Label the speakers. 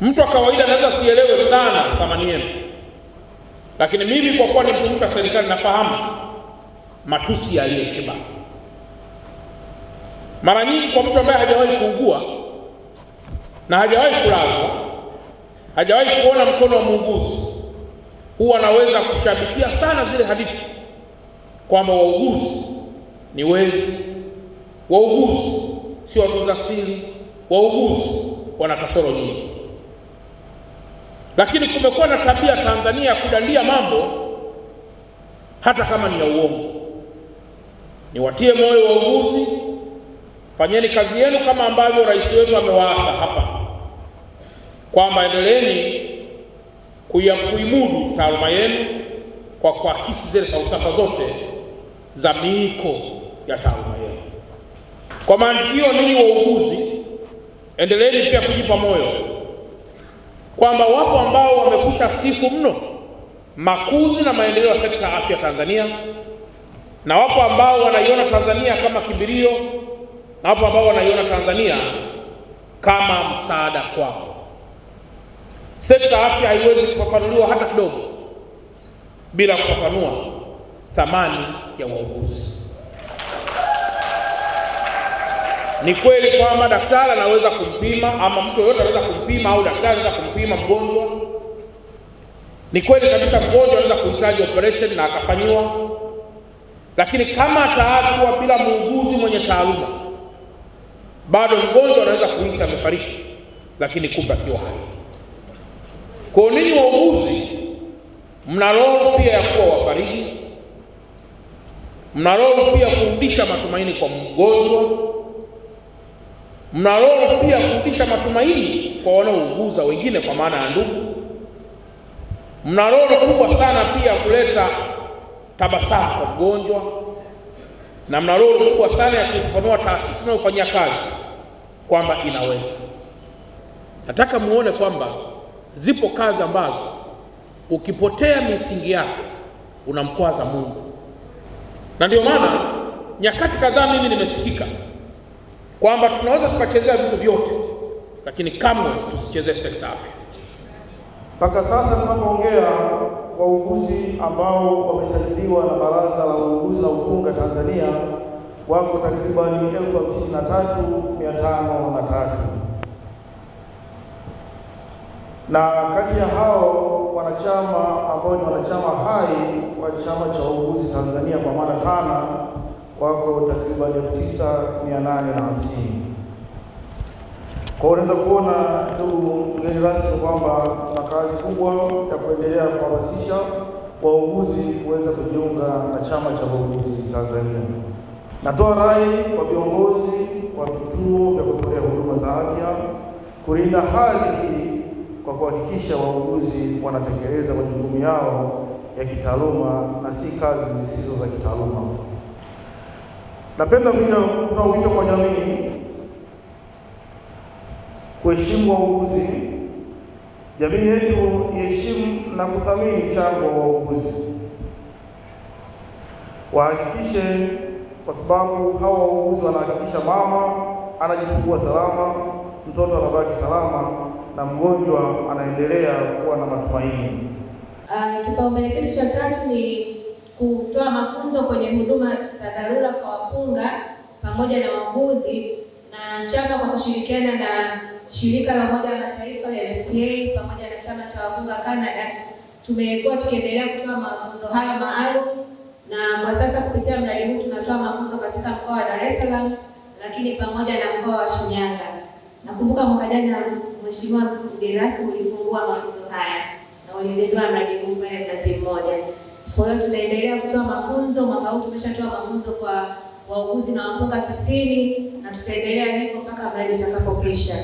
Speaker 1: Mtu wa kawaida anaweza sielewe sana thamani yenu, lakini mimi kwa kuwa ni mtumishi wa serikali nafahamu matusi aliyeshiba. Mara nyingi kwa mtu ambaye hajawahi kuugua na hajawahi kulazwa, hajawahi kuona mkono wa muuguzi, huwa anaweza kushabikia sana zile hadithi kwamba wauguzi ni wezi, wauguzi si watunza siri, wauguzi wana kasoro nyingi. Lakini kumekuwa na tabia Tanzania ya kudandia mambo hata kama ni ya uongo. Niwatie moyo wauguzi, fanyeni kazi yenu kama ambavyo rais wetu amewaasa hapa kwamba endeleeni kuimudu taaluma yenu kwa kuakisi zile falsafa zote za miiko ya taaluma yenu. Kwa maandikio, ninyi wauguzi, endeleeni pia kujipa moyo kwamba wapo ambao wamekusha sifu mno makuzi na maendeleo ya sekta ya afya Tanzania, na wapo ambao wanaiona Tanzania kama kimbilio, na wapo ambao wanaiona Tanzania kama msaada kwao. Sekta ya afya haiwezi kufafanuliwa hata kidogo bila kufafanua thamani ya wauguzi. Ni kweli kwamba daktari anaweza kumpima ama mtu yoyote anaweza kumpima au daktari anaweza kumpima mgonjwa. Ni kweli kabisa mgonjwa anaweza kuhitaji operation na akafanyiwa, lakini kama ataachwa bila muuguzi mwenye taaluma, bado mgonjwa anaweza kuisha amefariki, lakini kumbe akiwa hai. Kwa nini wauguzi, mna roho pia ya kuwa wafariji, mna roho pia kurudisha matumaini kwa mgonjwa Mna roho pia kurudisha matumaini kwa wanaouguza wengine, kwa maana ya ndugu. Mna roho kubwa sana pia kuleta tabasamu kwa mgonjwa, na mna roho kubwa sana ya kufanua taasisi inayofanyia kazi kwamba inaweza. Nataka muone kwamba zipo kazi ambazo ukipotea misingi yake unamkwaza Mungu, na ndio maana nyakati kadhaa mimi nimesikika kwamba tunaweza tukachezea vitu vyote, lakini kamwe tusichezee sekta afya.
Speaker 2: Mpaka sasa tunapoongea, wauguzi ambao wamesajiliwa na Baraza la Uuguzi na Ukunga Tanzania wako takribani elfu hamsini na tatu mia tano na tatu na kati ya hao wanachama ambao ni wanachama hai wa chama cha wauguzi Tanzania kwa mara tano wako takriban elfu tisa mia nane na hamsini. Kwa unaweza kuona ndugu mgeni rasmi kwamba tuna kazi kubwa ya kuendelea kuhamasisha wauguzi kuweza kujiunga na chama cha wauguzi Tanzania. Natoa rai kwa viongozi wa vituo vya kutolea huduma za afya kulinda hali hii kwa kuhakikisha wauguzi wanatekeleza majukumu yao ya kitaaluma na si kazi zisizo za kitaaluma. Napenda kuja kutoa wito kwa jamii kuheshimu wauguzi. Jamii yetu iheshimu na kuthamini mchango wa wauguzi, wahakikishe, kwa sababu hawa wauguzi wanahakikisha mama anajifungua salama, mtoto anabaki salama na mgonjwa anaendelea kuwa na matumaini.
Speaker 3: Uh, kipaumbele chetu cha tatu ni kutoa mafunzo kwenye huduma za dharura kwa wakunga pamoja na wauguzi na chama kwa kushirikiana na shirika la Umoja wa Mataifa LPA pamoja na chama cha wakunga Canada, tumekuwa tukiendelea kutoa mafunzo haya maalum, na kwa sasa kupitia mradi huu tunatoa mafunzo katika mkoa wa Dar es Salaam, lakini pamoja na mkoa wa Shinyanga. Nakumbuka mwaka jana Mheshimiwa mgeni rasmi ulifungua mafunzo haya na ulizindua mradi huu baada ya moja mmoja. Kwa hiyo tunaendelea kutoa mafunzo. Mwaka huu tumeshatoa mafunzo kwa wauguzi na wakunga tisini na tutaendelea hivyo mpaka mradi utakapokwisha.